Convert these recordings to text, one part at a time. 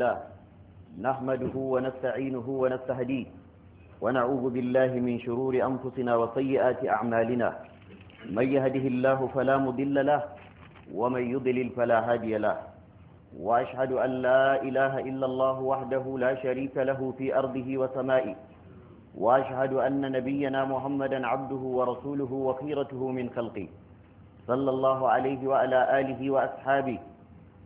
الله نحمده ونستعينه ونستهديه ونعوذ بالله من شرور أنفسنا وسيئات أعمالنا من يهده الله فلا مضل له ومن يضلل فلا هادي له وأشهد أن لا إله إلا الله وحده لا شريك له في أرضه وسمائه وأشهد أن نبينا محمدا عبده ورسوله وخيرته من خلقه صلى الله عليه وعلى آله وأصحابه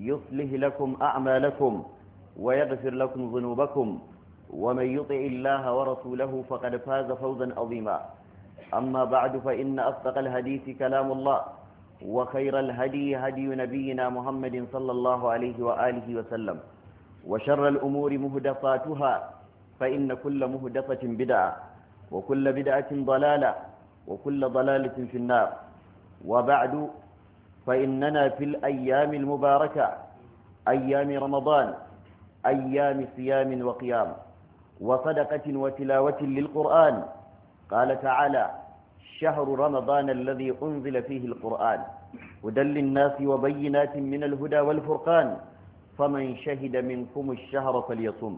يصلح لكم أعمالكم ويغفر لكم ذنوبكم ومن يطع الله ورسوله فقد فاز فوزا عظيما أما بعد فإن أصدق الحديث كلام الله وخير الهدي هدي نبينا محمد صلى الله عليه وآله وسلم وشر الأمور مهدفاتها فإن كل مهدفة بدعة وكل بدعة ضلالة وكل ضلالة في النار وبعد فإننا في الأيام المباركة أيام رمضان أيام صيام وقيام وصدقة وتلاوة للقرآن قال تعالى شهر رمضان الذي أنزل فيه القرآن هدى للناس وبينات من الهدى والفرقان فمن شهد منكم الشهر فليصم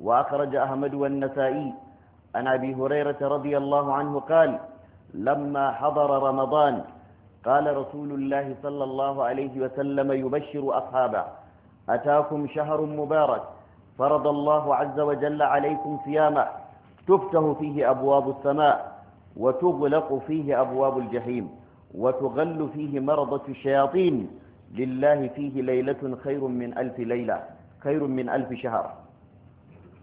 وأخرج أحمد والنسائي عن أبي هريرة رضي الله عنه قال لما حضر رمضان قال رسول الله صلى الله عليه وسلم يبشر أصحابه أتاكم شهر مبارك فرض الله عز وجل عليكم صيامه تفتح فيه أبواب السماء وتغلق فيه أبواب الجحيم وتغل فيه مرضة الشياطين لله فيه ليلة خير من ألف ليلة خير من ألف شهر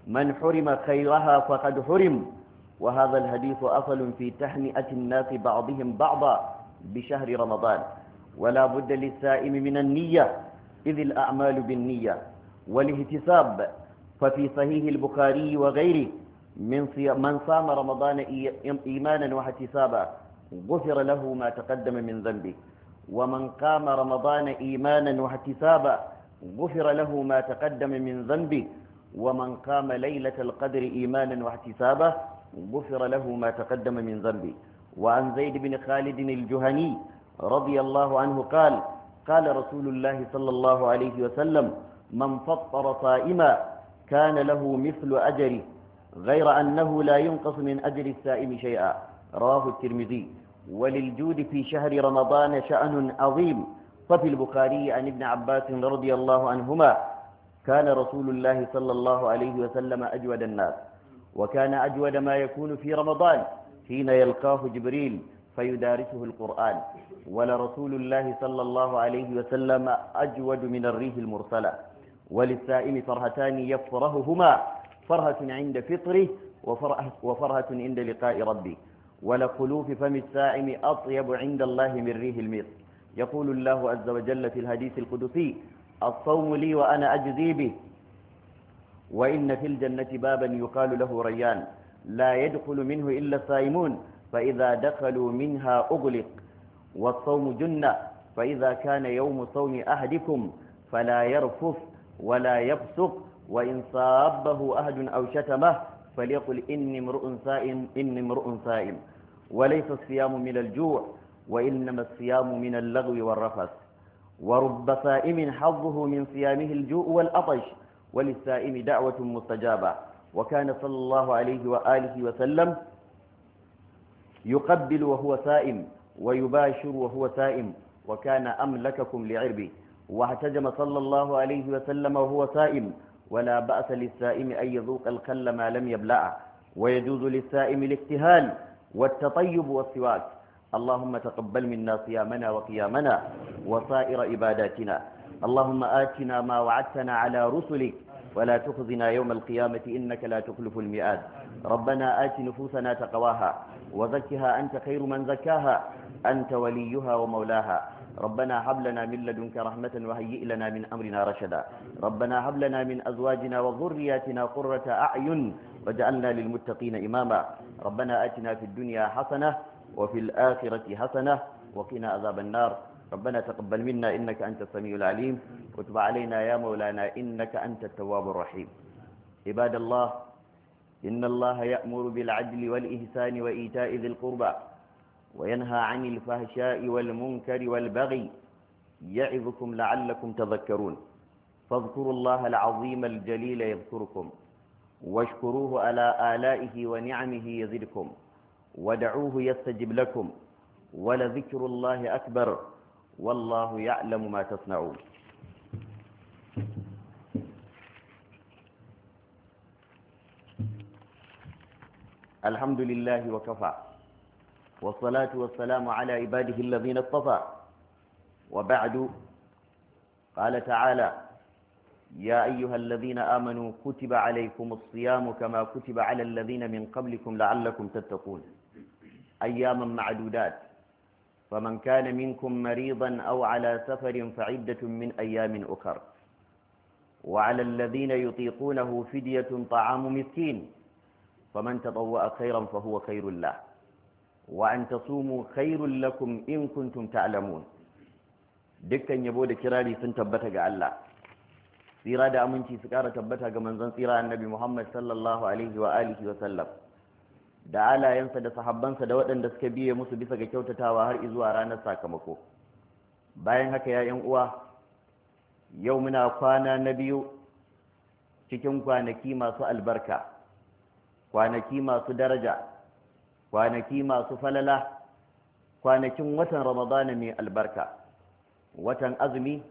من حرم خيرها فقد حرم وهذا الحديث أصل في تهنئة الناس بعضهم بعضا بشهر رمضان ولا بد للسائم من النية إذ الأعمال بالنية والاهتساب ففي صحيح البخاري وغيره من من صام رمضان إيمانا واحتسابا غفر له ما تقدم من ذنبه ومن قام رمضان إيمانا واحتسابا غفر له ما تقدم من ذنبه ومن قام ليلة القدر إيمانا واحتسابا غفر له ما تقدم من ذنبه وعن زيد بن خالد الجهني رضي الله عنه قال قال رسول الله صلى الله عليه وسلم من فطر صائما كان له مثل أجره غير أنه لا ينقص من أجر السائم شيئا رواه الترمذي وللجود في شهر رمضان شأن عظيم ففي البخاري عن ابن عباس رضي الله عنهما كان رسول الله صلى الله عليه وسلم أجود الناس وكان أجود ما يكون في رمضان حين يلقاه جبريل فيدارسه القرآن ولرسول الله صلى الله عليه وسلم أجود من الريح المرسلة وللسائل فرهتان يفرههما فرهة عند فطره وفرهة, وفرهة عند لقاء ربي ولقلوف فم السائم أطيب عند الله من ريح المصر يقول الله عز وجل في الحديث القدسي الصوم لي وأنا أجزي به وإن في الجنة بابا يقال له ريان لا يدخل منه إلا صائمون فإذا دخلوا منها أغلق والصوم جنة فإذا كان يوم صوم أحدكم فلا يرفف ولا يفسق وإن صابه أهد أو شتمه فليقل إني امرؤ صائم إني امرؤ صائم وليس الصيام من الجوع وإنما الصيام من اللغو والرفث ورب صائم حظه من صيامه الجوع والعطش وللسائم دعوة مستجابة وكان صلى الله عليه وآله وسلم يقبل وهو سائم ويباشر وهو سائم وكان أملككم لعربه واحتجم صلى الله عليه وسلم وهو سائم ولا بأس للسائم أن يذوق القل ما لم يبلأ ويجوز للسائم الاكتهال والتطيب والسواك اللهم تقبل منا صيامنا وقيامنا وسائر عباداتنا اللهم آتنا ما وعدتنا على رسلك ولا تخزنا يوم القيامة إنك لا تخلف المئات ربنا آت نفوسنا تقواها وزكها أنت خير من زكاها أنت وليها ومولاها ربنا هب لنا من لدنك رحمة وهيئ لنا من أمرنا رشدا ربنا هب لنا من أزواجنا وذرياتنا قرة أعين واجعلنا للمتقين إماما ربنا آتنا في الدنيا حسنة وفي الآخرة حسنة وقنا عذاب النار ربنا تقبل منا إنك أنت السميع العليم وتب علينا يا مولانا إنك أنت التواب الرحيم عباد الله إن الله يأمر بالعدل والإحسان وإيتاء ذي القربى وينهى عن الفحشاء والمنكر والبغي يعظكم لعلكم تذكرون فاذكروا الله العظيم الجليل يذكركم واشكروه على آلائه ونعمه يزدكم ودعوه يستجب لكم ولذكر الله أكبر والله يعلم ما تصنعون الحمد لله وكفى والصلاة والسلام على عباده الذين اصطفى وبعد قال تعالى يا أيها الذين آمنوا كتب عليكم الصيام كما كتب على الذين من قبلكم لعلكم تتقون أياما معدودات فمن كان منكم مريضا أو على سفر فعدة من أيام أخر وعلى الذين يطيقونه فدية طعام مسكين فمن تضوء خيرا فهو خير الله وأن تصوموا خير لكم إن كنتم تعلمون دكا يبود كرالي سنتبتك على سيرادة أمنتي سكارة تبتك من زن سيراء النبي محمد صلى الله عليه وآله وسلم da alayensa da sahabbansa da waɗanda suka biye musu bisa ga kyautatawa har izuwa ranar sakamako bayan haka ya uwa yau muna kwana na biyu cikin kwanaki masu albarka kwanaki masu daraja kwanaki masu falala kwanakin watan ramadana mai albarka watan azumi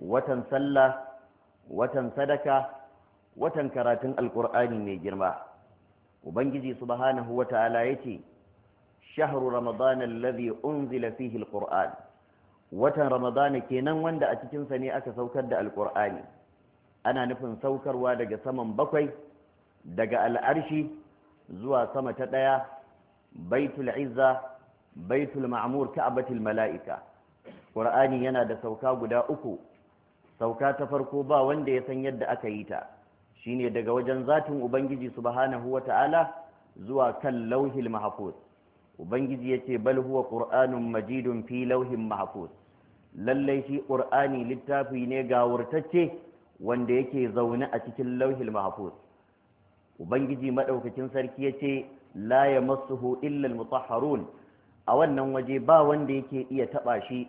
watan sallah watan sadaka watan karatun alkur'ani mai girma ubangiji subhanahu wata'ala yace shahru ramadan alladhi unzila fihi alquran watan ramadana kenan wanda a cikin sa ne aka saukar da alqur'ani ana nufin saukarwa daga saman bakwai daga al'arshi zuwa sama ta daya baitul izza baitul ma'mur ka'batul mala'ika qur'ani yana da sauka guda uku sauka ta farko ba wanda ya san yadda aka yi ta shine daga wajen zatin ubangiji subhanahu wata'ala zuwa kan lauhil mahfuz ubangiji yace bal huwa qur'anun majidun fi lauhin mahfuz lallai shi qur'ani littafi ne gawurtacce wanda yake zaune a cikin lauhil mahfuz ubangiji madaukakin sarki yace la yamassuhu illa almutahharun a wannan waje ba wanda yake iya taba shi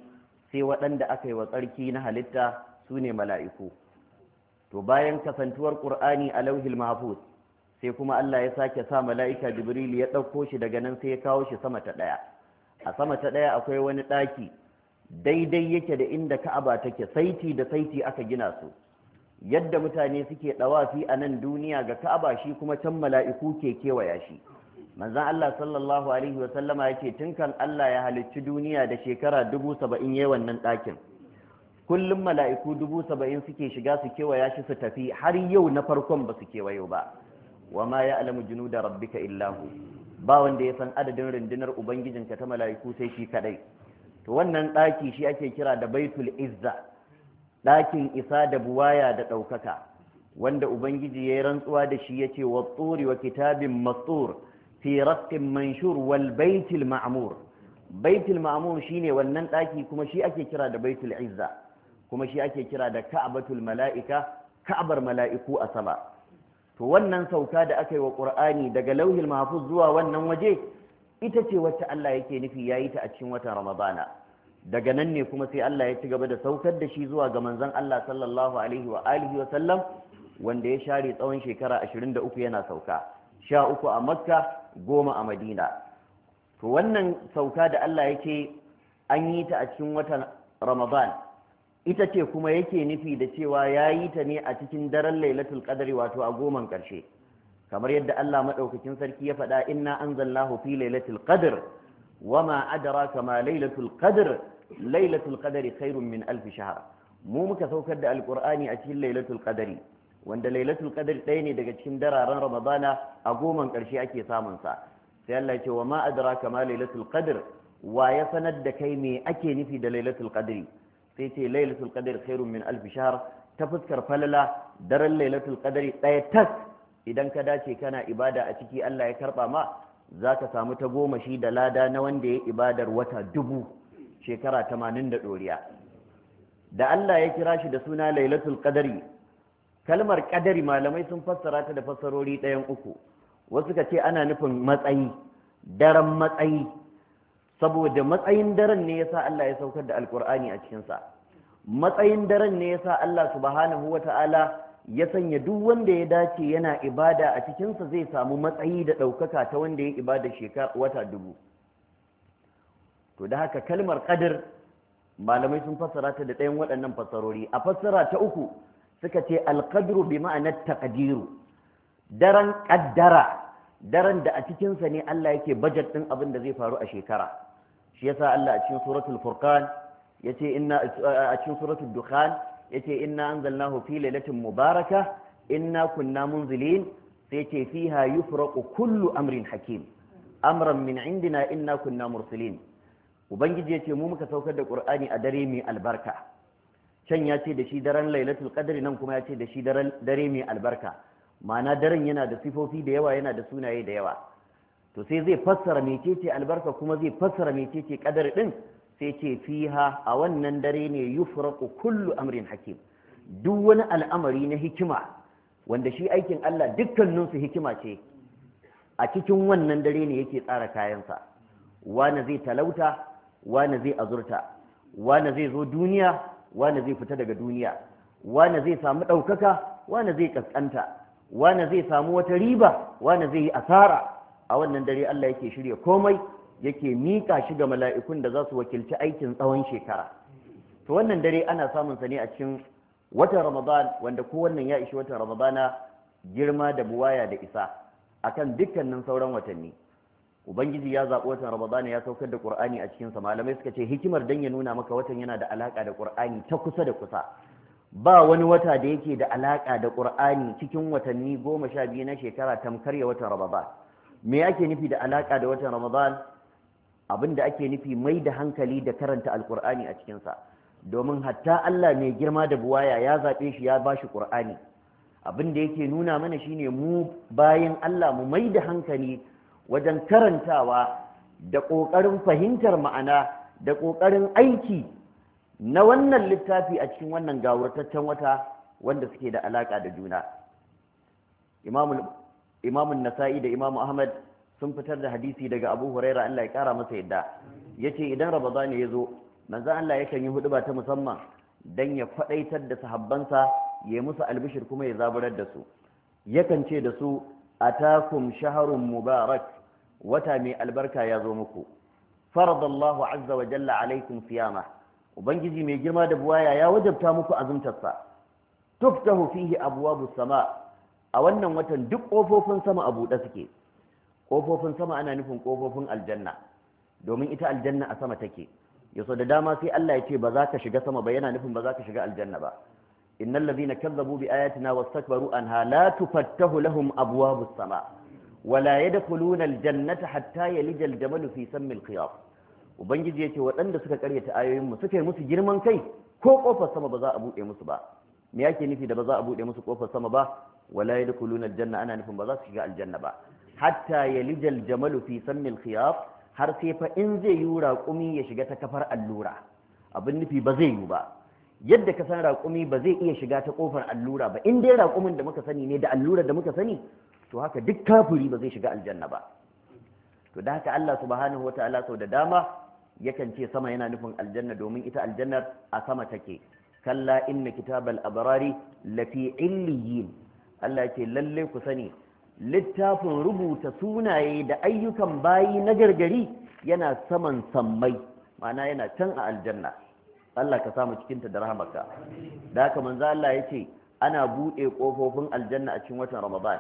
sai waɗanda aka yi wa tsarki na halitta su ne mala'iku to bayan kasantuwar qur'ani a lauhil mahfuz sai kuma Allah ya sake sa mala'ika jibril ya dauko shi daga nan sai ya kawo shi sama ta ɗaya a sama ta ɗaya akwai wani ɗaki daidai yake da inda ka'aba take saiti da saiti aka gina su yadda mutane suke ɗawafi a nan duniya ga ka'aba shi kuma can mala'iku ke kewaya shi manzon Allah sallallahu Alaihi wa sallama yake, tun kan Allah ya halicci duniya da shekara dubu saba'in yayi wannan ɗakin kullum mala'iku dubu saba'in suke shiga su kewaya shi su tafi har yau na farkon ba su kewayo ba wa ma ya alamu jinu da rabbika illahu ba wanda ya san adadin rundunar ubangijinka ta mala'iku sai shi kadai to wannan ɗaki shi ake kira da baitul izza ɗakin isa da buwaya da ɗaukaka wanda ubangiji ya yi rantsuwa da shi ya ce wa tsuri wa kitabin matsur fi raqin manshur wal baitul ma'mur baitul ma'mur shine wannan ɗaki kuma shi ake kira da baitul izza kuma shi ake kira da ka'abatul mala'ika ka'abar mala'iku a sama to wannan sauka da aka yi wa qur'ani daga lauhil mahfuz zuwa wannan waje ita ce wacce Allah yake nufi yayi ta a cikin watan ramadana daga nan ne kuma sai Allah ya ci gaba da saukar da shi zuwa ga manzon Allah sallallahu alaihi wa alihi wa sallam wanda ya share tsawon shekara 23 yana sauka sha uku a makka goma a madina to wannan sauka da Allah yake an yi ta a cikin watan ramadan ita ce kuma yake nufi da cewa ya yi ta ne a cikin daren lailatul qadri wato a goman ƙarshe kamar yadda Allah madaukakin sarki ya faɗa inna anzalnahu fi lailatul qadr wama adraka ma lailatul qadr lailatul qadri khairun min alf shahr mu muka saukar da alqur'ani a cikin lailatul qadri wanda lailatul qadr ɗaya ne daga cikin dararen ramadana a goman ƙarshe ake samun sa sai Allah ya ce wama adraka ma lailatul qadr wa ya sanar da kai me ake nufi da lailatul qadri sai ce lailatul qadr khairun min alf shahr ta fuskar falala daren lailatul ɗaya tas idan ka dace kana ibada a ciki Allah ya karba ma zaka samu ta goma shi da lada na wanda ya ibadar wata dubu shekara 80 da doriya da Allah ya kira shi da suna lailatul qadri kalmar qadari malamai sun fassara ta da fassarori ɗayan uku wasu ka ce ana nufin matsayi daren matsayi saboda matsayin daren ne yasa Allah ya saukar da alkur'ani a cikinsa matsayin daren ne yasa Allah subhanahu ta'ala ya sanya duk wanda ya dace yana ibada a cikinsa zai samu matsayi da ɗaukaka ta wanda ya ibada shekara wata dubu to da haka kalmar ƙadir malamai sun fassara ta da ɗayan waɗannan fassarori a fassara ta uku suka ce alƙadiru bi ma'anar taƙadiru daren ƙaddara daren da a cikinsa ne Allah yake bajet ɗin abin da zai faru a shekara shi yasa Allah a cikin suratul furqan yace inna a cikin suratul dukhan yace inna anzalnahu fi lailatin mubaraka inna kunna munzilin sai ce fiha yufraqu kullu amrin hakim amran min indina inna kunna mursalin ubangiji yace mu muka saukar da qur'ani a dare mai albarka can ya ce da shi daren lailatul qadri nan kuma ya ce da shi dare mai albarka ma'ana daren yana da sifofi da yawa yana da sunaye da yawa to sai zai fassara mecece albarka kuma zai fassara mecece kadar din sai ce fiha a wannan dare ne yufraqu kullu amrin hakim duk wani al'amari na hikima wanda shi aikin Allah dukkanin su hikima ce a cikin wannan dare ne yake tsara kayansa wani zai talauta wani zai azurta wani zai zo duniya wani zai fita daga duniya wani zai samu ɗaukaka wani zai kaskanta wani zai samu wata riba wani zai yi asara a wannan dare Allah yake shirya komai yake mika shi ga mala'ikun da za su wakilci aikin tsawon shekara to wannan dare ana samun sa ne a cikin watan Ramadan wanda ko wannan ya ishi watan Ramadana girma da buwaya da isa a kan dukkanin sauran watanni ubangiji ya zaɓi watan ramadana ya saukar da ƙur'ani a cikinsa malamai suka ce hikimar dan ya nuna maka watan yana da alaƙa da ƙur'ani ta kusa da kusa ba wani wata da yake da alaƙa da ƙur'ani cikin watanni goma sha biyu na shekara tamkar ya watan ramadan me ake nufi da alaka da watan ramadan abin da ake nufi mai da hankali da karanta alkur'ani a cikinsa domin hatta allah mai girma da buwaya ya zaɓe shi ya ba shi ƙur'ani abin da yake nuna mana shine mu bayan allah mu mai da hankali wajen karantawa da ƙoƙarin fahimtar ma'ana da ƙoƙarin aiki na wannan littafi a cikin wannan gawurtaccen wata wanda suke da alaƙa da juna imam imamun nasa'i da imamu ahmad sun fitar da hadisi daga abu huraira allah ya kara masa yadda ya ce idan ne ya zo manzan allah yakan yi ba ta musamman don ya faɗaitar da sahabbansa ya yi musu albishir kuma ya zaburar da su yakan ce da su a takum shaharun mubarak wata mai albarka ya zo muku faradallahu azza wa jalla alaikum siyama ubangiji mai girma da buwaya ya wajabta muku azumtarsa tuftahu fihi abwabu sama a wannan watan duk ƙofofin sama a buɗe suke ƙofofin sama ana nufin ƙofofin aljanna domin ita aljanna a sama take yaso da dama sai Allah ya ce ba za ka shiga sama ba yana nufin ba za ka shiga aljanna ba innal ladhina kazzabu bi ayatina wastakbaru anha la tufattahu lahum abwabus sama wala yadkhuluna aljannata hatta yalija aljamalu fi sammil khiyab ubangiji yace waɗanda suka karyata ayoyin mu suka musu girman kai ko kofar sama ba za a buɗe musu ba me yake nufi da ba za a buɗe musu kofar sama ba wala yadkhuluna aljanna ana nufin ba za su shiga aljanna ba hatta yalijal jamalu fi sammil khiyaf har sai fa in zai yi raƙumi ya shiga ta kafar allura abin nufi ba zai yi ba yadda ka san raƙumi ba zai iya shiga ta ƙofar allura ba in dai raƙumin da muka sani ne da allura da muka sani to haka duk kafuri ba zai shiga aljanna ba to da haka Allah subhanahu ta'ala sau da dama yakan ce sama yana nufin aljanna domin ita aljannar a sama take kalla inna kitabal abrari lafi illiyin Allah ce lalle ku sani littafin rubuta sunaye da ayyukan bayi na gargari yana saman sammai ma'ana yana can a aljanna Allah ka samu ta da rahmaka da haka manzo Allah ya ce ana buɗe ƙofofin aljanna a cikin watan Ramadan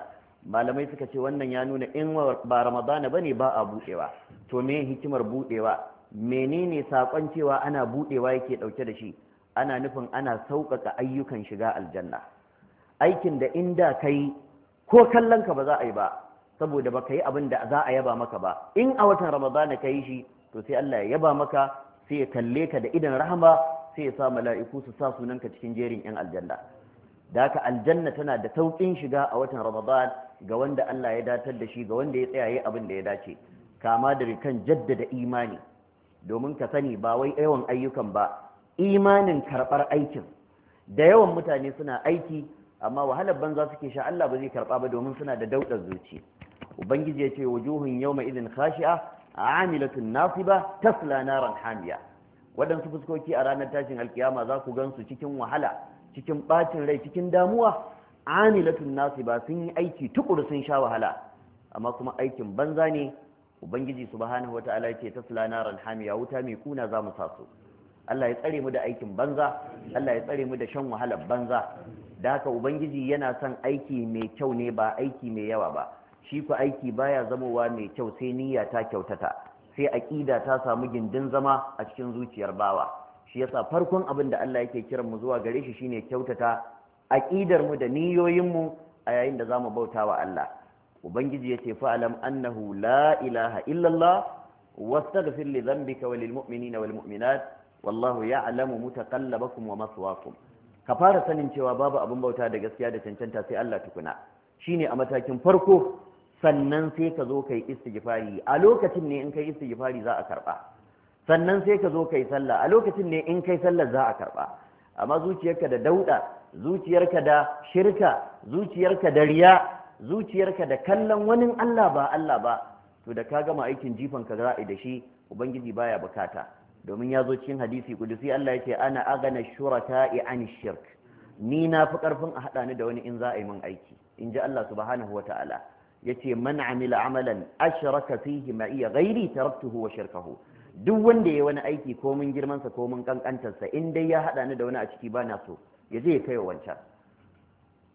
malamai suka ce wannan ya nuna in ba Ramadana bane ba a buɗewa to me hikimar buɗewa menene sakon cewa ana buɗewa yake ɗauke da shi ana nufin ana sauƙaƙa ayyukan shiga aljanna aikin da inda kai ko kallon ka ba za a yi ba saboda baka yi abin da za a yaba maka ba in a watan ramadana ka yi shi to sai Allah ya yaba maka sai ya kalle ka da idan rahama sai ya sa mala'iku su sa sunanka cikin jerin yan aljanna da haka aljanna tana da sauƙin shiga a watan ramadan ga wanda Allah ya datar da shi ga wanda ya tsaya abin da ya dace kama da kan jaddada imani domin ka sani ba wai yawan ayyukan ba imanin karɓar aikin da yawan mutane suna aiki amma wahalar banza suke sha Allah ba zai karba ba domin suna da daudar zuci ubangiji yace wujuhun yawma idin khashi'a amilatun nasiba tasla naran hamiya wadansu fuskoki a ranar tashin alkiyama za ku gansu cikin wahala cikin bacin rai cikin damuwa amilatun nasiba sun yi aiki tukuru sun sha wahala amma kuma aikin banza ne ubangiji subhanahu wataala ce tasla naran hamiya wuta mai kuna za mu sa su Allah ya tsare mu da aikin banza Allah ya tsare mu da shan wahalar banza da haka ubangiji yana son aiki mai kyau ne ba aiki mai yawa ba shi ku aiki baya zamowa mai kyau sai niyya ta kyautata sai aƙida ta samu gindin zama a cikin zuciyar bawa shi yasa farkon abin da Allah yake kiran mu zuwa gare shi shine kyautata aƙidar mu da niyoyin mu a yayin da zamu bauta wa Allah ubangiji yace fa annahu la ilaha illallah wastaghfir li dhanbika wa lil mu'minina wal mu'minat wallahu ya'lamu mutaqallabakum wa maswaakum ka fara sanin cewa babu abin bauta da gaskiya da cancanta sai Allah tukuna shine a matakin farko sannan sai ka zo kai istighfari a lokacin ne in kai istighfari za a karba sannan sai ka zo kai sallah a lokacin ne in kai sallah za a karba amma zuciyarka da dauda zuciyarka da shirka zuciyarka da riya zuciyarka da kallon wani Allah ba Allah ba to da ka gama aikin jifan ka za a yi da shi ubangiji baya bukata domin ya zo cikin hadisi kudusi Allah ya ce ana agana i an shirk ni na fi karfin a haɗa ni da wani in za a yi min aiki in ji Allah subhanahu wa ta'ala ya ce man amila amalan ashraka fihi ma iya ghairi taraktuhu wa shirkahu duk wanda ya wani aiki ko mun girmansa ko mun kankantarsa in dai ya haɗa ni da wani a ciki ba na so ya je ya kai wa wancan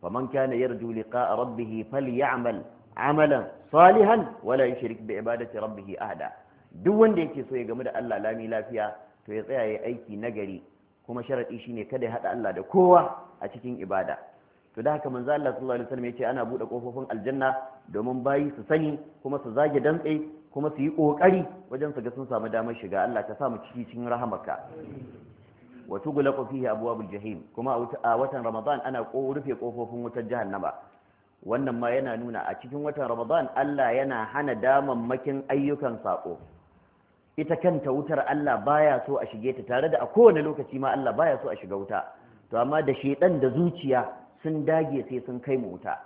faman kana yarju liqa'a rabbih falyamal amalan salihan wala yushrik bi ibadati rabbihi ahada duk wanda yake so ya gamu da Allah lami lafiya to ya tsaya ya aiki nagari kuma sharadi shine kada ya hada Allah da kowa a cikin ibada to da haka manzo Allah sallallahu alaihi wasallam yace ana bude kofofin aljanna domin bayi su sani kuma su zage dantse kuma su yi kokari wajen su ga sun samu damar shiga Allah ta sa mu ciki cikin rahamarka wa tughlaqu fihi abwabul jahim kuma a watan ramadan ana rufe kofofin wutar jahannama wannan ma yana nuna a cikin watan ramadan Allah yana hana damammakin ayyukan sako ita kanta wutar Allah baya so a shige ta tare da a kowane lokaci ma Allah baya so a shiga wuta to amma da shedan da zuciya sun dage sai sun kai mu wuta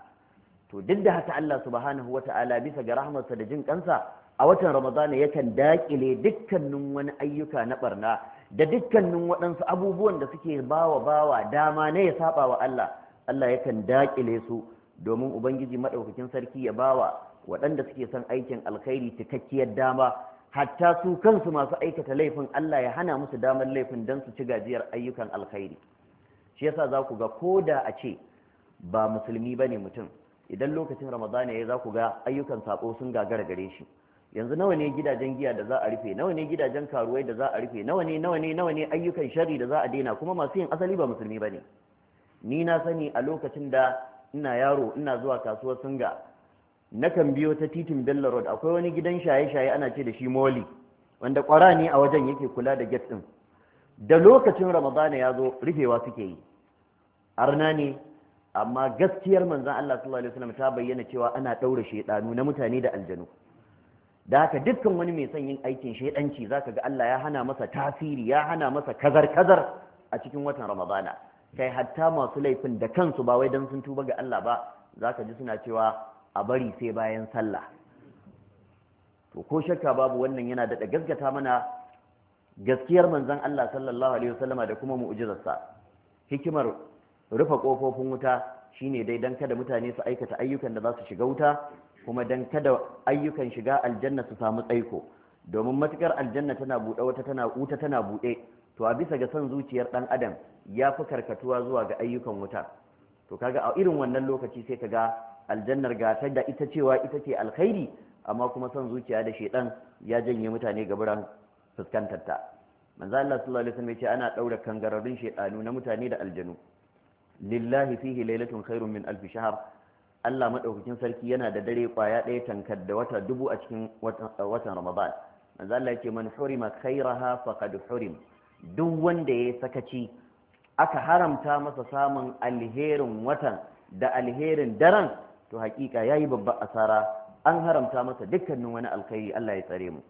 to duk da haka Allah subhanahu wata'ala bisa ga rahmarsa da jin kansa a watan Ramadana yakan dakile dukkanin wani ayyuka na barna da dukkanin waɗansu abubuwan da suke bawa bawa dama ne ya saba wa Allah Allah yakan dakile su domin ubangiji madaukakin sarki ya bawa waɗanda suke son aikin alkhairi cikakkiyar dama hatta su kansu masu aikata laifin Allah ya hana musu damar laifin don su ci gajiyar ayyukan alkhairi shi yasa za ku ga ko da a ce ba musulmi ba ne mutum idan lokacin ramadana ya za ku ga ayyukan sako sun gagara gare shi yanzu nawa ne gidajen giya da za a rufe nawa ne gidajen karuwai da za a rufe nawa ne nawa ne nawa ne ayyukan shari da za a daina kuma masu yin asali ba musulmi ba ne ni na sani a lokacin da ina yaro ina zuwa kasuwar singa nakan biyo ta titin bello road akwai wani gidan shaye-shaye ana ce da shi moli wanda kwara ne a wajen yake kula da gate din da lokacin ramadana ya zo rufewa suke yi arna ne amma gaskiyar manzan Allah sallallahu alaihi wasallam ta bayyana cewa ana daura shedanu na mutane da aljanu da haka dukkan wani mai son yin aikin shedanci zaka ga Allah ya hana masa tasiri ya hana masa kazar kazar a cikin watan ramadana kai hatta masu laifin da kansu ba wai dan sun tuba ga Allah ba zaka ji suna cewa a bari sai bayan sallah to ko shakka babu wannan yana daɗa gaskata mana gaskiyar manzon Allah sallallahu alaihi wasallama da kuma mu'jizarsa hikimar rufe kofofin wuta shine dai dan kada mutane su aikata ayyukan da za su shiga wuta kuma dan kada ayyukan shiga aljanna su samu tsaiko domin matukar aljanna tana buɗe wata tana wuta tana buɗe to a bisa ga son zuciyar ɗan adam ya fi karkatuwa zuwa ga ayyukan wuta to kaga a irin wannan lokaci sai ka ga. aljannar gatar da ita cewa ita ce alkhairi amma kuma son zuciya da shedan ya janye mutane gaburan fuskantar ta manzo Allah sallallahu alaihi wasallam ya ce ana daura kangararrun shedanu na mutane da aljanu lillahi fihi lailatun khairun min alf shahr Allah madaukakin sarki yana da dare kwaya ɗaya tankar da wata dubu a cikin watan Ramadan manzo Allah ce man hurima khairaha faqad hurim duk wanda ya sakaci aka haramta masa samun alherin watan da alherin daren to hakika yayi babbar asara an haramta masa dukkanin wani alkhairi Allah ya tsare mu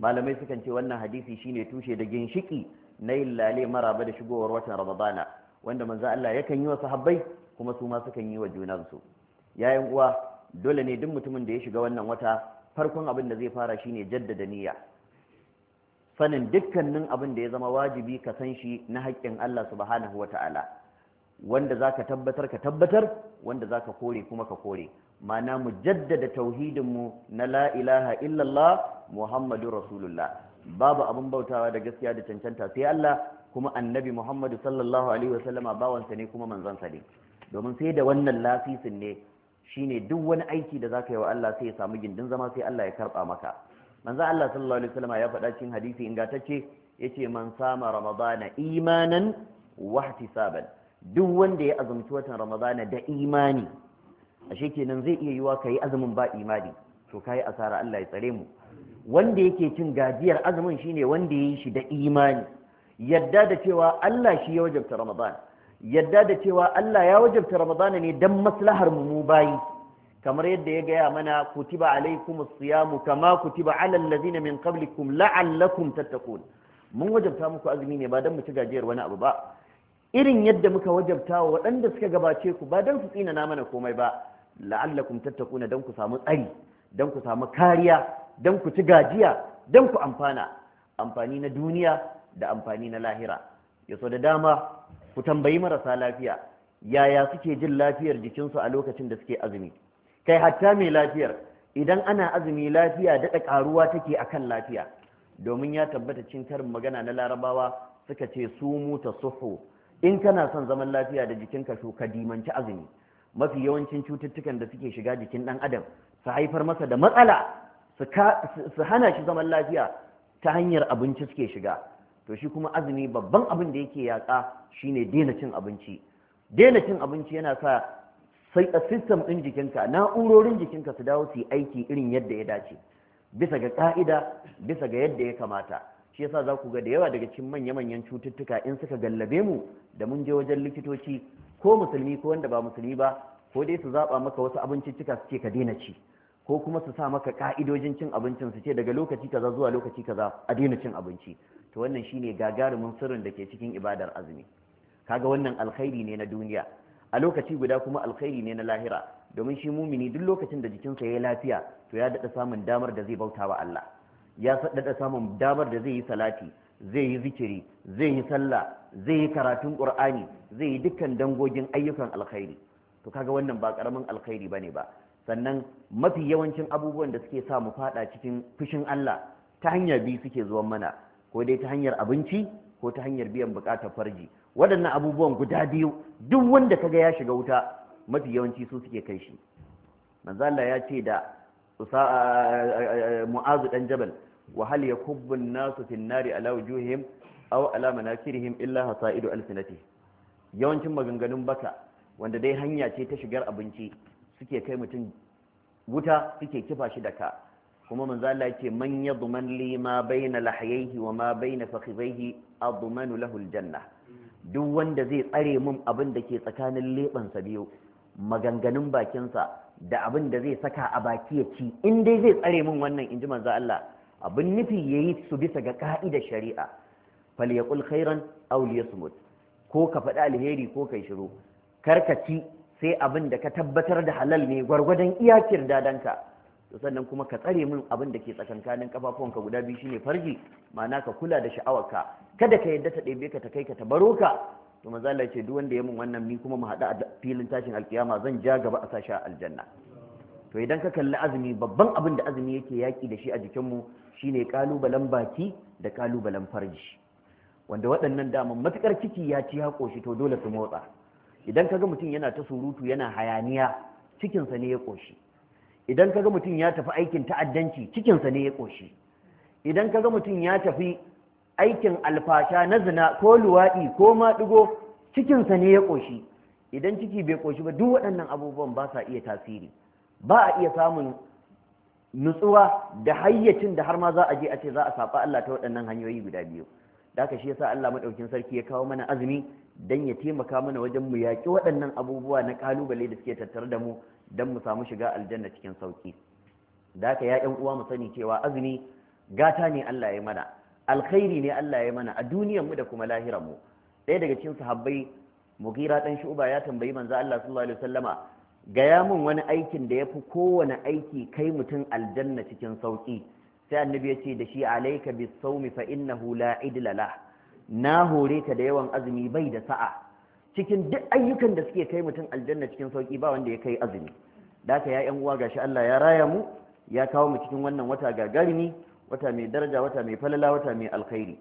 malamai sukan ce wannan hadisi shine tushe da ginshiki na illale maraba da shigowar watan ramadana wanda manzo Allah yakan yi wa sahabbai kuma su ma sukan yi wa junansu yayin uwa dole ne duk mutumin da ya shiga wannan wata farkon abin da zai fara shine jaddada niyya sanin dukkanin abin da ya zama wajibi ka san shi na haƙƙin Allah subhanahu ta'ala). wanda za ka tabbatar ka tabbatar wanda za ka kore kuma ka kore mana mu jaddada tauhidinmu na la'ilaha illallah muhammadu rasulullah babu abin bautawa da gaskiya da cancanta sai Allah kuma annabi muhammadu sallallahu alaihi wasallama bawansa ne kuma manzansa ne domin sai da wannan lasisin ne shi ne duk wani aiki da za ka yi wa Allah sai ya samu gindin zama sai Allah ya karɓa maka manzo Allah sallallahu alaihi wasallama ya faɗa cikin hadisi ingantacce yace man sama ramadana imanan wahtisaban duk wanda ya azumci watan ramadana da imani ashe kenan zai iya yiwa ka yi azumin ba imani to ka yi asara Allah ya tsare mu wanda yake cin gajiyar azumin shine wanda ya yi shi da imani yadda da cewa Allah shi ya wajabta ramadan yadda da cewa Allah ya wajabta ramadan ne dan maslahar mu bayi kamar yadda ya gaya mana kutiba alaikum siyamu kama kutiba alal ladzina min qablikum la'allakum tattaqun mun wajabta muku azumi ne ba don mu ci gajiyar wani abu ba irin yadda muka wajabta wa waɗanda suka gabace ku ba don su na mana komai ba la'allakum tattakuna don ku samu tsari don ku samu kariya don ku ci gajiya don ku amfana amfani na duniya da amfani na lahira Ya so da dama ku tambayi marasa lafiya yaya suke jin lafiyar jikinsu a lokacin da suke azumi kai hatta mai lafiyar idan ana azumi lafiya daɗa ƙaruwa take akan lafiya domin ya tabbata cin karin magana na larabawa suka ce su ta suhu in kana son zaman lafiya da jikinka so ka dimanci azumi mafi yawancin cututtukan da suke shiga jikin ɗan adam su haifar masa da matsala su hana shi zaman lafiya ta hanyar abinci suke shiga to shi kuma azumi babban abin da yake yaƙa shine daina cin abinci daina cin abinci yana sa sai a system ɗin jikinka na'urorin jikinka su dawo su yi aiki irin yadda ya dace bisa ga ƙa'ida bisa ga yadda ya kamata shi yasa za ku ga da yawa daga cikin manya-manyan cututtuka in suka gallabe mu da mun je wajen likitoci ko musulmi ko wanda ba musulmi ba ko dai su zaɓa maka wasu abinciccika su ce ka daina ci ko kuma su sa maka ka'idojin cin abincin su ce daga lokaci kaza zuwa lokaci kaza a daina cin abinci to wannan shine gagarumin sirrin da ke cikin ibadar azumi kaga wannan alkhairi ne na duniya a lokaci guda kuma alkhairi ne na lahira domin shi mumini duk lokacin da jikinsa ya yi lafiya to ya daɗa samun damar da zai bauta wa Allah ya daɗa samun damar da zai yi salati zai yi zikiri zai yi sallah zai yi karatun ƙur'ani zai yi dukkan dangogin ayyukan alkhairi to kaga wannan ba ƙaramin alkhairi bane ba sannan mafi yawancin abubuwan da suke sa mu fada cikin fushin Allah ta hanyar biyu suke zuwan mana ko dai ta hanyar abinci ko ta hanyar biyan bukatar farji waɗannan abubuwan guda biyu duk wanda kaga ya shiga wuta mafi yawanci su suke kai shi manzo Allah ya ce da eh, eh, eh, Mu'azu dan Jabal wa hal yakubbu an-nasu fi an-nari ala wujuhihim aw ala manakirihim yawancin maganganun baka wanda dai hanya ce ta shigar abinci suke kai mutum wuta suke kifa shi da ka kuma manzo Allah yake man yadman li baina lahayhi wa ma baina fakhidhihi lahu aljanna duk wanda zai tsare mun abin da ke tsakanin leɓensa biyu maganganun bakinsa da abin da zai saka a baki ya ci in dai zai tsare mun wannan inji manzo Allah abin nufi ya yi su bisa ga ka'idar shari'a ƙul khairan ya sumut ko ka faɗi alheri ko kai shiru karkaci sai abin da ka tabbatar da halal ne gwargwadon iyakir dadanka to sannan kuma ka tsare mun abin da ke tsakankanin kafafuwanka guda biyu shine farji ma'ana ka kula da sha'awarka kada ka yadda ta ɗebe ka ta kai ka ta baro ka to manzo Allah ce duk wanda ya mun wannan ni kuma mu haɗu a filin tashin alkiyama zan ja gaba a sasha aljanna to idan ka kalli azumi babban abin da azumi yake yaƙi da shi a jikinmu Shi ne kalubalen baki da kalubalen farji wanda waɗannan damar matuƙar ciki ya ci haƙo shi to dole su motsa idan kaga mutum yana ta surutu yana hayaniya cikinsa ne ya ƙoshi. idan kaga mutum ya tafi aikin ta'addanci cikinsa ne ya ƙoshi. idan kaga mutum ya tafi aikin alfasha na zina ko luwaɗi ko maɗigo cikinsa ne ya ƙoshi. idan ciki bai ƙoshi ba duk waɗannan abubuwan ba sa iya tasiri ba a iya samun nutsuwa da hayyacin da har ma za a je a ce za a saba Allah ta waɗannan hanyoyi guda biyu da haka shi yasa Allah madaukin sarki ya kawo mana azumi dan ya taimaka mana wajen mu yaki waɗannan abubuwa na kalubale da suke tattare da mu dan mu samu shiga aljanna cikin sauki da haka ya uwa mu sani cewa azumi gata ne Allah ya mana alkhairi ne Allah ya mana a duniyar mu da kuma lahirar mu ɗaya daga cikin sahabbai Mughira dan Shu'ba ya tambayi manzo Allah sallallahu alaihi wasallama gaya mun wani aikin da ya fi kowane aiki kai mutum aljanna cikin sauƙi sai annabi ya ce da shi alaika bis saumi fa innahu la idlala na hore ka da yawan azumi bai da sa'a cikin duk ayyukan da suke kai mutum aljanna cikin sauƙi ba wanda ya kai azumi daka ya yan uwa gashi Allah ya raya mu ya kawo mu cikin wannan wata gagarumi wata mai daraja wata mai falala wata mai alkhairi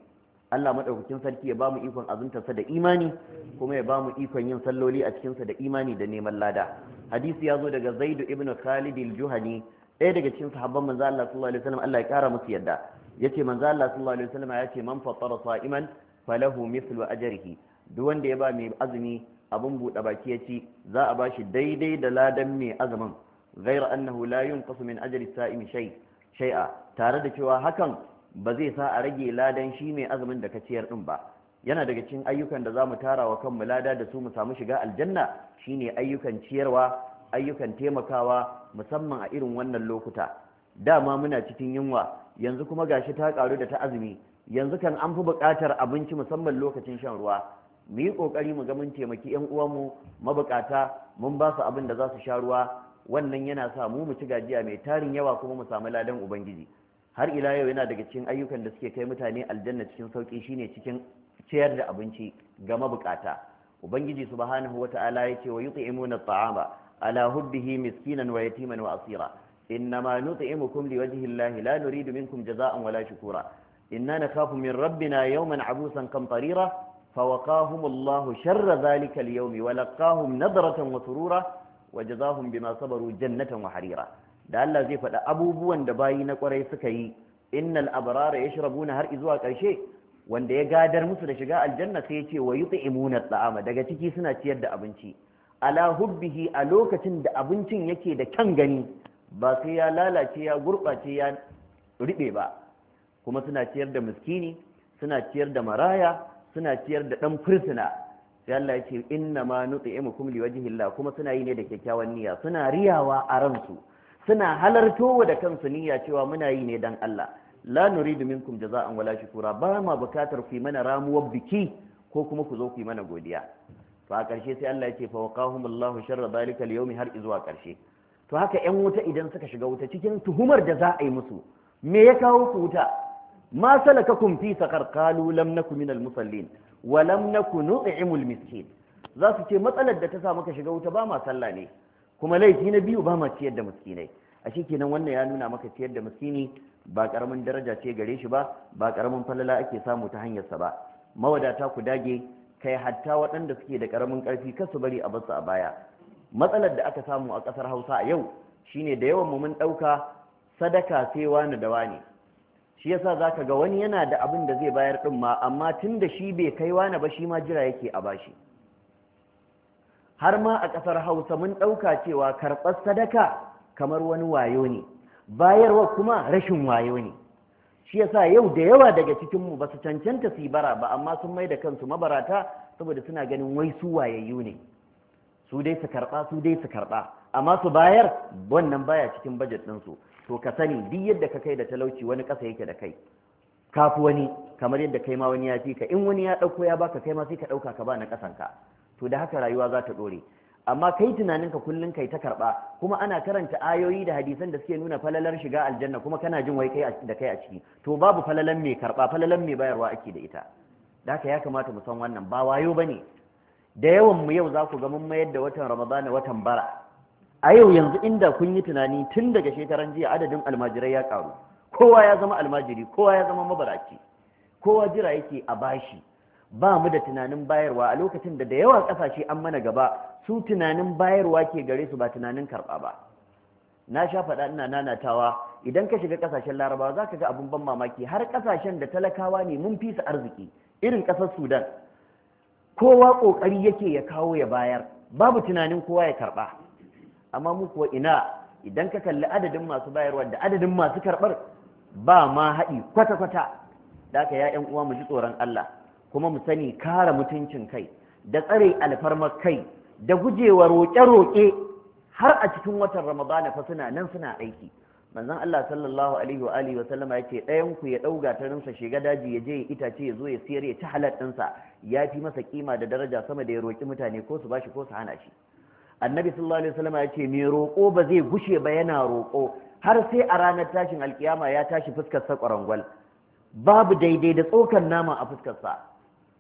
Allah madaukakin sarki ya ba mu ikon azuntarsa da imani kuma ya ba mu ikon yin salloli a cikinsa da imani da neman lada hadisi ya zo daga zaidu ibn khalid al-juhani ɗaya daga cikin sahabban manzo Allah sallallahu alaihi wasallam Allah ya ƙara musu yadda yace manzo Allah sallallahu alaihi wasallam ce man fattara sa'iman falahu mithlu ajrihi duk wanda ya ba mai azumi abin buɗe baki ya ci za a bashi daidai da ladan mai azumin gair'a annahu layun ينقص من أجر السائم شيء Tare da cewa hakan ba zai sa a rage ladan shi mai azumin da ka ciyar din ba yana daga cikin ayyukan da za mu tara wa kanmu lada da su mu samu shiga aljanna shine ayyukan ciyarwa ayyukan taimakawa musamman a irin wannan lokuta dama muna cikin yunwa yanzu kuma gashi ta karu da ta azumi yanzu kan an fi buƙatar abinci musamman lokacin shan ruwa mu yi ƙoƙari mu ga mun taimaki 'yan uwanmu mabukata mun ba su abin da za su sha ruwa wannan yana sa mu mu ci gajiya mai tarin yawa kuma mu samu ladan ubangiji har ila yau yana daga cikin ayyukan da suke kai mutane aljanna cikin sauki shine cikin ciyar da abinci ga mabukata ubangiji subhanahu wata'ala yace wa yut'imuna at'ama ala hubbihi miskinan wa yatiman wa asira innama nut'imukum liwajhi allahi la nuridu minkum jazaan wala shukura inna nakhafu min rabbina yawman abusan qamtarira فوقاهم الله شر ذلك اليوم ولقاهم نظرة وسرورا وجزاهم بما صبروا جنة وحريرا da Allah zai faɗa abubuwan da bayi na ƙwarai suka yi innal abrara na har zuwa ƙarshe wanda ya gadar musu da shiga aljanna sai ya ce wa yut'imuna at'ama daga ciki suna ciyar da abinci ala hubbihi a lokacin da abincin yake da kyan gani ba sai ya lalace ya gurɓace ya riɓe ba kuma suna ciyar da miskini suna ciyar da maraya suna ciyar da ɗan fursuna sai Allah ya ce inna ma nut'imukum liwajhi kuma suna yi ne da kyakkyawan niyya suna riyawa a ransu suna halartowa da kansu niyya cewa muna yi ne dan Allah la nuridu minkum jaza'an wala shukura ba ma bukatar ku mana ramuwar biki ko kuma ku zo ku mana godiya to a ƙarshe sai Allah ya ce fa waqahumullahu sharra zalika al-yawmi har izuwa ƙarshe to haka ƴan wuta idan suka shiga wuta cikin tuhumar da za a yi musu me ya kawo ku wuta ma salakakum fi saqar qalu lam nakum minal musallin wa lam nakun nut'imul miskin za su ce matsalar da ta sa muka shiga wuta ba ma sallah ne kuma laifi na biyu ba ma ciyar da miskinai a shi kenan wannan ya nuna maka ciyar da miskini ba karamin daraja ce gare shi ba ba karamin falala ake samu ta hanyarsa ba mawadata ku dage kai hatta waɗanda suke da karamin ƙarfi kar su bari a basu a baya matsalar da aka samu a ƙasar hausa a yau shine da yawan mu mun ɗauka sadaka sai wani da wani shi yasa zaka ga wani yana da abin da zai bayar ɗin ma amma tun da shi bai kai wani ba shi ma jira yake a bashi har ma a ƙasar hausa mun ɗauka cewa karɓar sadaka kamar wani wayo ne bayarwa kuma rashin wayo ne shi yasa yau da yawa daga cikinmu ba su cancanta su bara ba amma sun mai da kansu mabarata saboda suna ganin wai su wayayyu ne su dai su karɓa su dai su karɓa amma su bayar wannan baya cikin bajet su. to ka sani duk yadda ka kai da talauci wani ƙasa yake da kai kafi wani kamar yadda kai ma wani ya fi ka in wani ya ɗauko ya baka kai ma sai ka ɗauka ka ba na ƙasanka to da haka rayuwa za ta dore amma kai ka kullum kai ta karɓa. kuma ana karanta ayoyi da hadisan da suke nuna falalar shiga aljanna kuma kana jin wai kai da kai a ciki to babu falalan mai karba falalan mai bayarwa ake da ita da haka ya kamata mu san wannan ba wayo bane da yawan mu yau za ku ga mun mayar da watan ramadana watan bara a yau yanzu inda kun yi tunani tun daga shekaran jiya adadin almajirai ya karu kowa ya zama almajiri kowa ya zama mabaraci kowa jira yake a bashi ba mu da tunanin bayarwa a lokacin da da yawa kasashe an mana gaba su tunanin bayarwa ke gare su ba tunanin karba ba na sha faɗa ina nanatawa idan ka shiga kasashen larabawa za ka ga abin ban mamaki har kasashen da talakawa ne mun fi su arziki irin ƙasar sudan kowa ƙoƙari yake ya kawo ya bayar babu tunanin kowa ya karɓa amma mu kuwa ina idan ka kalli adadin masu bayarwa da adadin masu karɓar ba ma haɗi kwata-kwata da ka yan uwa mu ji tsoron Allah kuma mu sani kare mutuncin kai da tsare alfarmar kai da gujewa roƙe-roƙe har a cikin watan ramadana fa suna nan suna aiki manzon Allah sallallahu alaihi wa alihi wa sallama yace ɗayan ku ya ɗauga tarinsa shiga daji ya je ya itace ya zo ya siyar ya ci halal ɗinsa ya fi masa kima da daraja sama da ya roƙi mutane ko su bashi ko su hana shi annabi sallallahu alaihi wasallama ya ce mai roƙo ba zai gushe ba yana roƙo har sai a ranar tashin alkiyama ya tashi fuskar sa ƙwarangwal babu daidai da tsokar nama a fuskar sa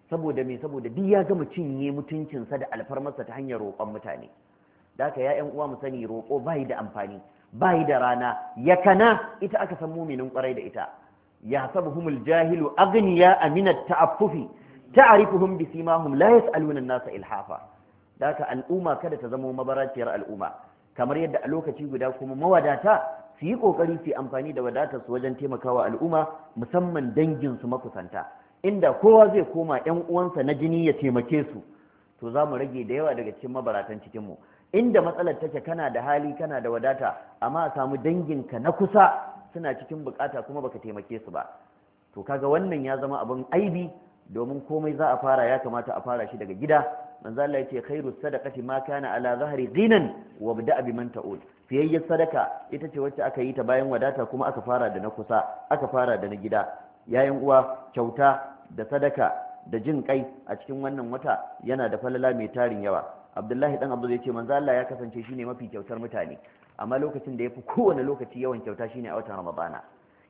saboda me saboda duk ya gama cinye mutuncinsa da alfarmarsa ta hanyar roƙon mutane da haka ya yan uwa mu sani roƙo bai da amfani bai da rana yakana ita aka san muminin kwarai da ita ya sabuhumul jahilu aghniya aminat ta'affufi ta'rifuhum bisimahum la yas'aluna an-nasa ilhafa da haka al'umma kada ta zama mabaraciyar al'umma kamar yadda a lokaci guda kuma mawadata su yi kokari su amfani da wadatar su wajen taimakawa al'umma musamman dangin su makusanta inda kowa zai koma yan uwansa na jini ya taimake su to za mu rage da yawa daga cikin mabaratan cikin mu inda matsalar take kana da hali kana da wadata amma a samu danginka na kusa suna cikin bukata kuma baka taimake su ba to kaga wannan ya zama abin aibi domin komai za a fara ya kamata a fara shi daga gida manzo Allah yace khairu sadaqati ma kana ala zahri ghinan wa bada'a biman ta'ud fiyayyar sadaka ita ce wacce aka yi ta bayan wadata kuma aka fara da na kusa aka fara da na gida yayin uwa kyauta da sadaka da jin kai a cikin wannan wata yana da falala mai tarin yawa abdullahi dan Abdullahi ya ce manzo Allah ya kasance shine mafi kyautar mutane amma lokacin da yafi kowane lokaci yawan kyauta shine a watan ramadana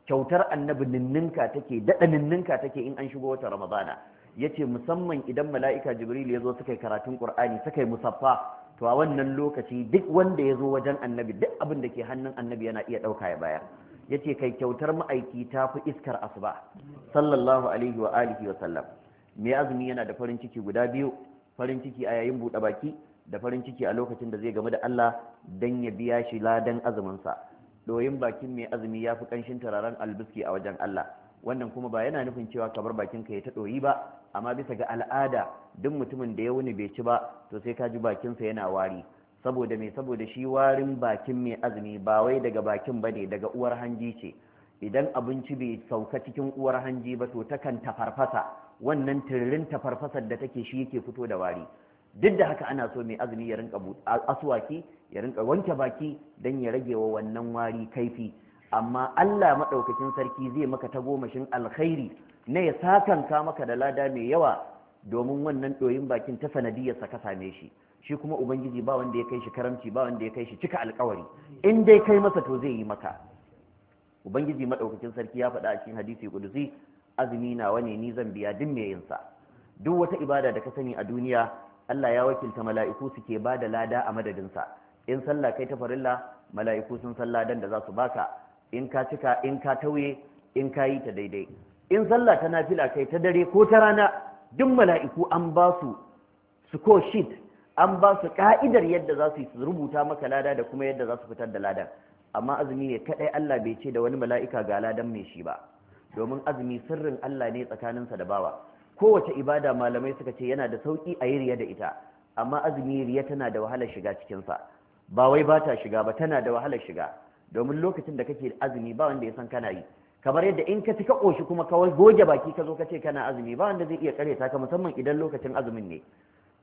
kyautar annabi ninninka take dada ninninka take in an shigo watan ramadana yace musamman idan mala'ika jibril ya zo suka yi karatun qur'ani suka yi musaffa to a wannan lokaci duk wanda ya zo wajen annabi duk abin da ke hannun annabi yana iya dauka ya bayar ya ce kai kyautar ma'aiki ta fi iskar asuba sallallahu alaihi wa alihi wa sallam mai azumi yana da farin ciki guda biyu farin ciki a yayin buɗe baki da farin ciki a lokacin da zai gamu da Allah dan ya biya shi ladan azuminsa doyin bakin mai azumi ya fi ƙanshin turaren albiski a wajen Allah wannan kuma ba yana nufin cewa kamar bakinka ya ta ɗoyi ba amma bisa ga al'ada duk mutumin da ya wuni bai ci ba to sai ka ji bakinsa yana wari saboda mai saboda shi warin bakin mai azumi ba wai daga bakin ba ne daga uwar hanji ce idan abinci bai sauka cikin uwar hanji ba to takan tafarfasa wannan tirin tafarfasar da take shi yake fito da wari duk da haka ana so mai azumi ya rinka aswaki ya rinka wanke baki don ya rage wa wannan wari kaifi amma Allah maɗaukakin sarki zai maka ta tagomashin alkhairi na ya sakanka maka da lada mai yawa domin wannan ɗoyin bakin ta sanadiyarsa ka same shi shi kuma ubangiji ba wanda ya kai shi karamci ba wanda ya kai shi cika alkawari in dai kai masa to zai yi maka ubangiji madaukakin sarki ya faɗa a cikin hadisi kudusi azumi na wane ni zan biya duk mai yinsa duk wata ibada da ka sani a duniya Allah ya wakilta mala'iku suke ba da lada a madadin sa in sallah kai ta farilla mala'iku sun san ladan da za su baka in ka cika in ka tauye in ka yi ta daidai in sallah ta nafila kai ta dare ko ta rana duk mala'iku an ba su score sheet an ba su ka'idar yadda za su rubuta maka lada da kuma yadda za su fitar da ladan amma azumi ne kadai Allah bai ce da wani mala'ika ga ladan mai shi ba domin azumi sirrin Allah ne tsakaninsa da bawa kowace ibada malamai suka ce yana da sauki a yi riya da ita amma azumi riya tana da wahalar shiga cikinsa ba wai ba ta shiga ba tana da wahalar shiga domin lokacin da kake azumi ba wanda ya san kana yi kamar yadda in ka tika koshi kuma ka goge baki ka zo ka ce kana azumi ba wanda zai iya kare ta ka musamman idan lokacin azumin ne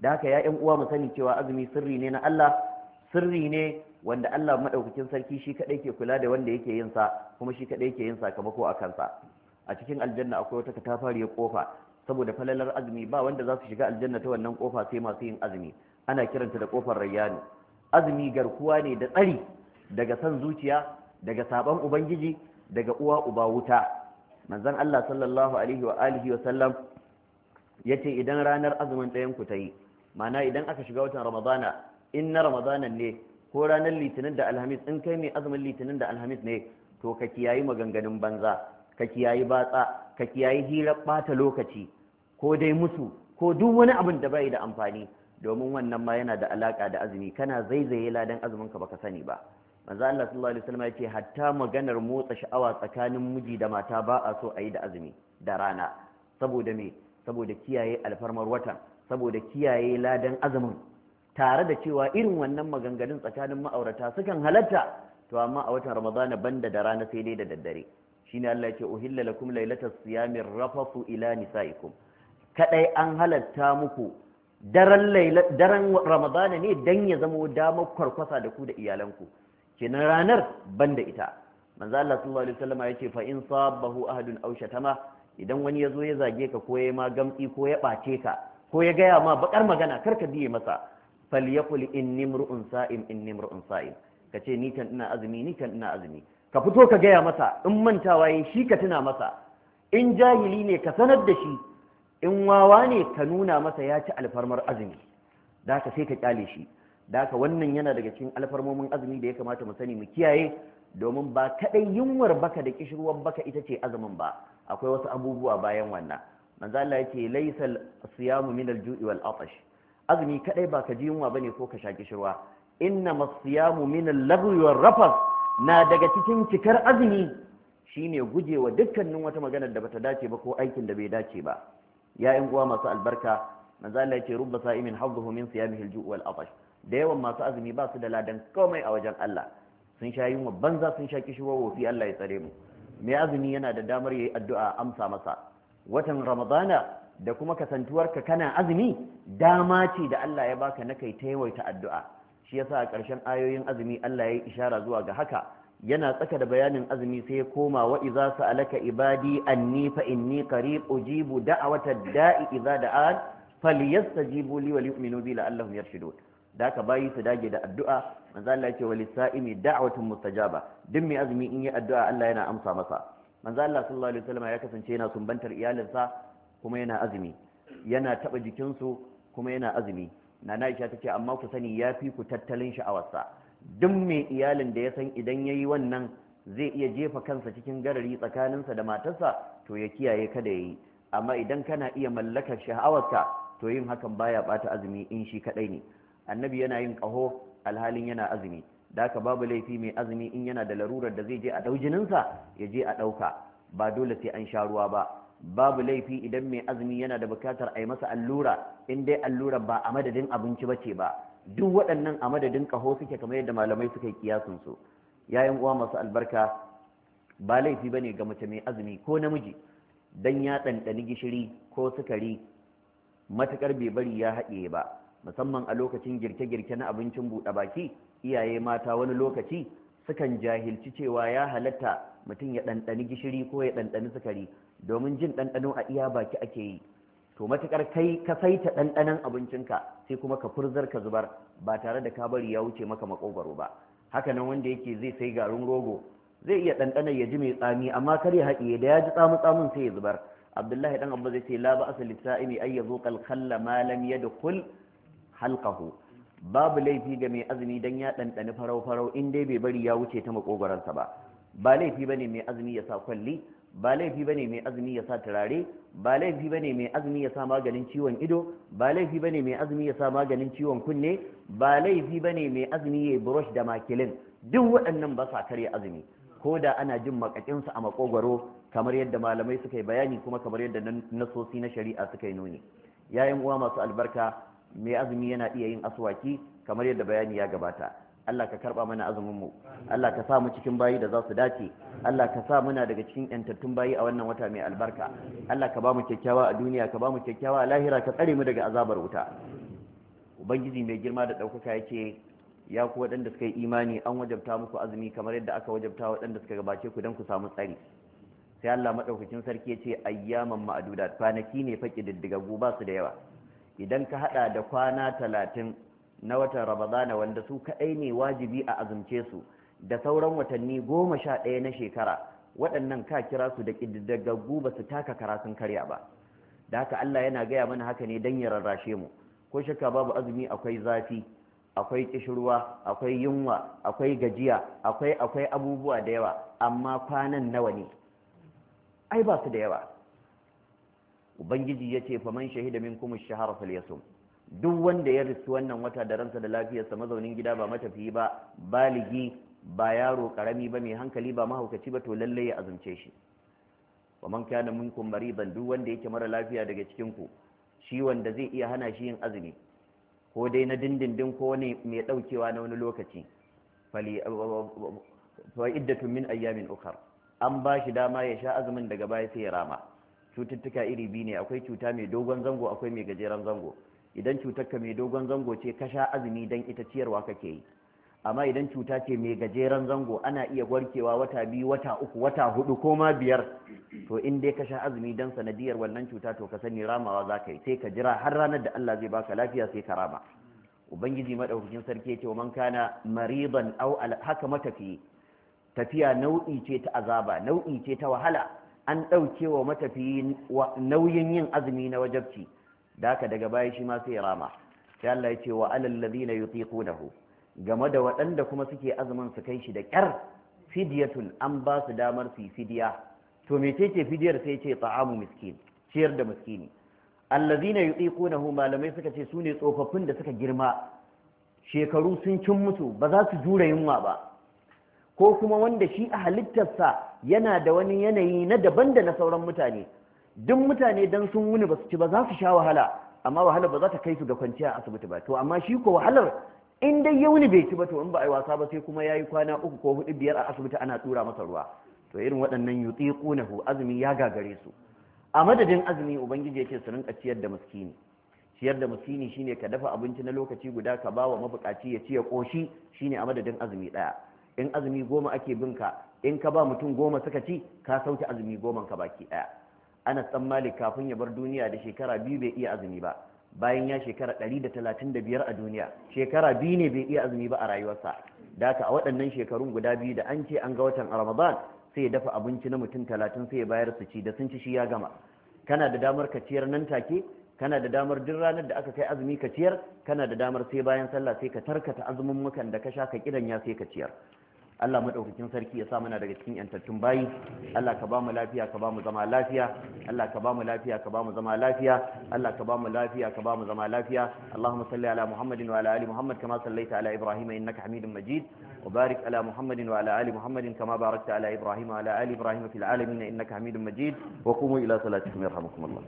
da haka ya ƴan uwa mu sani cewa azumi sirri ne na Allah sirri ne wanda Allah madaukakin sarki shi kaɗai ke kula da wanda yake yin sa kuma shi kadai yake yin sakamako a kansa a cikin aljanna akwai wata katafariyar kofa saboda falalar azumi ba wanda za su shiga aljanna ta wannan kofa sai masu yin azumi ana kiranta da kofar rayyani azumi garkuwa ne da tsari daga san zuciya daga saban ubangiji daga uwa uba wuta manzon Allah sallallahu alaihi wa alihi wa sallam yace idan ranar azumin ɗayan ku ta yi ma'ana idan aka shiga watan ramadana in na ramadana ne ko ranar litinin da alhamis in kai mai azumin litinin da alhamis ne to ka kiyayi maganganun banza ka kiyayi batsa ka kiyayi hira bata lokaci ko dai musu ko duk wani abin da bai da amfani domin wannan ma yana da alaka da azumi kana zaizaye ladan azumin ka baka sani ba manzo Allah sallallahu alaihi wasallam yace hatta maganar motsa sha'awa tsakanin miji da mata ba a so a yi da azumi da rana saboda me saboda kiyaye alfarmar watan saboda kiyaye ladan azumin tare da cewa irin wannan maganganun tsakanin ma'aurata sukan halatta to amma a watan ramadana banda da rana sai dai da daddare shine Allah yake uhilla lakum lailatas siyami rafafu ila nisaikum kadai an halatta muku daren daren ramadana ne dan ya zama damar kwarkwasa da ku da iyalanku kenan ranar banda ita manzo Allah sallallahu alaihi wasallam yake fa in sabahu ahadun aw shatama idan wani yazo ya zage ka ko ya ma gamtsi ko ya bace ka ko ya gaya ma bakar magana kar ka biye masa falyaqul inni mru'un sa'im inni mru'un sa'im kace ni kan ina azumi ni kan ina azumi ka fito ka gaya masa in mantawa yayi shi ka tuna masa in jahili ne ka sanar da shi in wawa ne ka nuna masa ya ci alfarmar azumi da ka sai ka kyale shi da ka wannan yana daga cikin alfarmomin azumi da ya kamata mu sani mu kiyaye domin ba kadai yunwar baka da kishirwar baka ita ce azumin ba akwai wasu abubuwa bayan wannan manzo Allah yake laysal siyamu min al-ju'i wal azumi kadai ba ka ji yunwa bane ko ka shaki shirwa inna masiyamu min al na daga cikin cikar azumi shine gujewa dukkanin wata maganar da bata dace ba ko aikin da bai dace ba ya yan uwa masu albarka manzo Allah yake rubba sa'imin hadduhu min siyamihi al-ju'i wal atash da yawan masu azumi ba su da ladan komai a wajen Allah sun sha yunwa banza sun sha kishirwa wofi Allah ya tsare mu mai azumi yana da damar yayi addu'a amsa masa watan ramadana da kuma kasantuwarka kana azumi dama ce da Allah ya baka na kai taimaita addu'a shi yasa a ƙarshen ayoyin azumi Allah ya yi ishara zuwa ga haka yana tsaka da bayanin azumi sai ya koma wa iza sa'alaka ibadi anni fa inni qarib ujibu da'wata da'i idza da'an falyastajibu li wa liyu'minu bi la'allahum yarshudun da ka bayi su dage da addu'a manzo Allah ya ce walisa'imi da'watun mustajaba duk mai azumi in yi addu'a Allah yana amsa masa manzo Allah sallallahu alaihi wasallam ya kasance yana sumbantar iyalinsa kuma yana azumi yana taba jikin su kuma yana azumi nana Aisha tace amma ku sani fi ku tattalin sha'awarsa duk mai iyalin da ya san idan yayi wannan zai iya jefa kansa cikin garari tsakaninsa da matarsa to ya kiyaye kada yayi amma idan kana iya mallakar sha'awarka to yin hakan baya bata azumi in shi kadai ne annabi yana yin kaho alhalin yana azumi da ka babu laifi mai azumi in yana da larurar da zai je a ɗau ya je a ɗauka ba dole sai an sha ruwa ba babu laifi idan mai azumi yana da bukatar a yi masa allura in dai allura ba a madadin abinci ba ce ba duk waɗannan a madadin ƙaho suke kamar yadda malamai suka yi kiyasun su yayin uwa masu albarka ba laifi ba ne ga mace mai azumi ko namiji dan ya ɗanɗani gishiri ko sukari matuƙar bai bari ya haɗiye ba musamman a lokacin girke-girke na abincin buɗe baki iyaye mata wani lokaci sukan jahilci cewa ya halatta mutum ya ɗanɗani gishiri ko ya ɗanɗani sukari domin jin ɗanɗano a iya baki ake yi to matuƙar kai ka saita ɗanɗanon abincinka sai kuma ka furzar ka zubar ba tare da ka bari ya wuce maka makogwaro ba haka nan wanda yake zai sai garin rogo zai iya ɗanɗana ya ji mai tsami amma kar ya haɗiye da ya ji tsamu tsamin sai ya zubar abdullahi dan abba zai ce la ba asali sa'imi ay kalkalla al ya ma lam yadkhul babu laifi ga mai azumi dan ya ɗanɗani farau-farau in dai bai bari ya wuce ta makogoransa ba ba laifi ba ne mai azumi ya sa kwalli ba laifi ba ne mai azumi ya sa turare ba laifi ba ne mai azumi ya sa maganin ciwon ido ba laifi ba ne mai azumi ya sa maganin ciwon kunne ba laifi ba ne mai azumi ya brush da makilin duk waɗannan ba sa karya azumi ko da ana jin makakinsa a makogwaro kamar yadda malamai suka yi bayani kuma kamar yadda nasosi na shari'a suka yi nuni yayin uwa masu albarka mai azumi yana iya yin aswaki kamar yadda bayani ya gabata Allah ka karba mana azumin mu Allah ka sa mu cikin bayi da za su dace Allah ka sa muna daga cikin yantattun bayi a wannan wata mai albarka Allah ka ba mu kyakkyawa a duniya ka ba mu kyakkyawa a lahira ka tsare mu daga azabar wuta ubangiji mai girma da ɗaukaka yake ya ku waɗanda suka yi imani an wajabta muku azumi kamar yadda aka wajabta waɗanda suka gabace ku dan ku samu tsari sai Allah maɗaukakin sarki ya ce ayyaman ma'adudat kwanaki ne faƙi diddigagu ba su da yawa idan ka hada da kwana talatin na watan ramadana wanda su kaɗai ne wajibi a azumce su da sauran watanni goma sha ɗaya na shekara waɗannan ka kira su da ƙididdagaggu ba su taka karatun karya ba da haka Allah yana gaya mana haka ne don ya rarrashe mu ko shakka babu azumi akwai zafi akwai kishirwa akwai yunwa akwai gajiya akwai akwai abubuwa da yawa amma kwanan nawa ne ai ba su da yawa ubangiji ya ce faman shahida min kuma shahara falyasum duk wanda ya riski wannan wata da ransa da lafiyarsa mazaunin gida ba matafiyi ba baligi ba yaro karami ba mai hankali ba mahaukaci ba to lalle ya azumce shi Faman kana min kuma mariban duk wanda yake mara lafiya daga cikin ku shi wanda zai iya hana shi yin azumi ko dai na dindindin ko ne mai daukewa na wani lokaci fali fa iddatun min ayyamin ukhra an ba shi dama ya sha azumin daga baya sai ya rama cututtuka iri biyu ne akwai cuta mai dogon zango akwai mai gajeren zango idan cutarka mai dogon zango ce ka sha azumi dan ita ciyarwa kake yi amma idan cuta ce mai gajeren zango ana iya warkewa wata biyu wata uku wata hudu ko ma biyar to in dai ka sha azumi dan sanadiyar wannan cuta to ka sani ramawa za ka yi sai ka jira har ranar da Allah zai baka lafiya sai ka rama ubangiji madaukakin sarki ya ce wa man kana mariban aw haka matafi tafiya nau'i ce ta azaba nau'i ce ta wahala an ɗauke wa matafiyi nauyin yin azumi na wajabci da haka daga baya shi ma sai rama sai Allah ya ce wa alal ladina yutiqunahu game da waɗanda kuma suke azumin su kai shi da ƙyar fidyatun an ba su damar su fidiya to ce, fidiyar sai ce ta'amu miskin ciyar da miskini allazina yutiqunahu malamai suka ce sune tsofaffin da suka girma shekaru sun cin musu ba za su jure yunwa ba ko kuma wanda shi a halittarsa yana da wani yanayi na daban da na sauran mutane duk mutane dan sun wuni ba su ci ba za su sha wahala amma wahalar ba za ta kai su ga kwanciya asibiti ba to amma shi ko wahalar in dai ya wuni bai ci ba to in ba a yi wasa ba sai kuma ya yi kwana uku ko hudu biyar a asibiti ana tura masa ruwa to irin waɗannan yutsi ƙunahu azumi ya gagare su a madadin azumi ubangiji yake ce su rinka ciyar da miskini ciyar da miskini shine ka dafa abinci na lokaci guda ka ba wa mabukaci ya ci ya ƙoshi shine a madadin azumi ɗaya in azumi goma ake bin ka in ka ba mutum goma suka ci ka sauke azumi goman ka baki ɗaya Ana dan malik kafin ya bar duniya da shekara biyu bai iya azumi ba bayan ya shekara 135 a duniya shekara biyu ne bai iya azumi ba a rayuwarsa da haka a waɗannan shekarun guda biyu da an ce an ga watan ramadan sai ya dafa abinci na mutum talatin sai ya bayar su ci da sun ci shi ya gama kana da damar ka ciyar nan take kana da damar duk ranar da aka kai azumi ka ciyar kana da damar sai bayan sallah sai ka tarkata azumin mukan da ka sha ka kidan ya sai ka ciyar Allah madaukakin sarki ya sa mana daga cikin yantattun bayi Allah ka ba mu lafiya ka ba mu zama lafiya Allah ka ba mu lafiya ka ba mu zama lafiya Allah ka ba mu lafiya ka ba mu zama lafiya Allahumma salli ala Muhammadin wa ala ali Muhammad kama sallaita ala Ibrahim innaka Hamidum Majid wa barik ala Muhammadin wa ala ali Muhammadin kama barakta ala Ibrahim wa ala ali Ibrahim fil alamin innaka Hamidum Majid wa qumu ila salatikum yarhamukumullah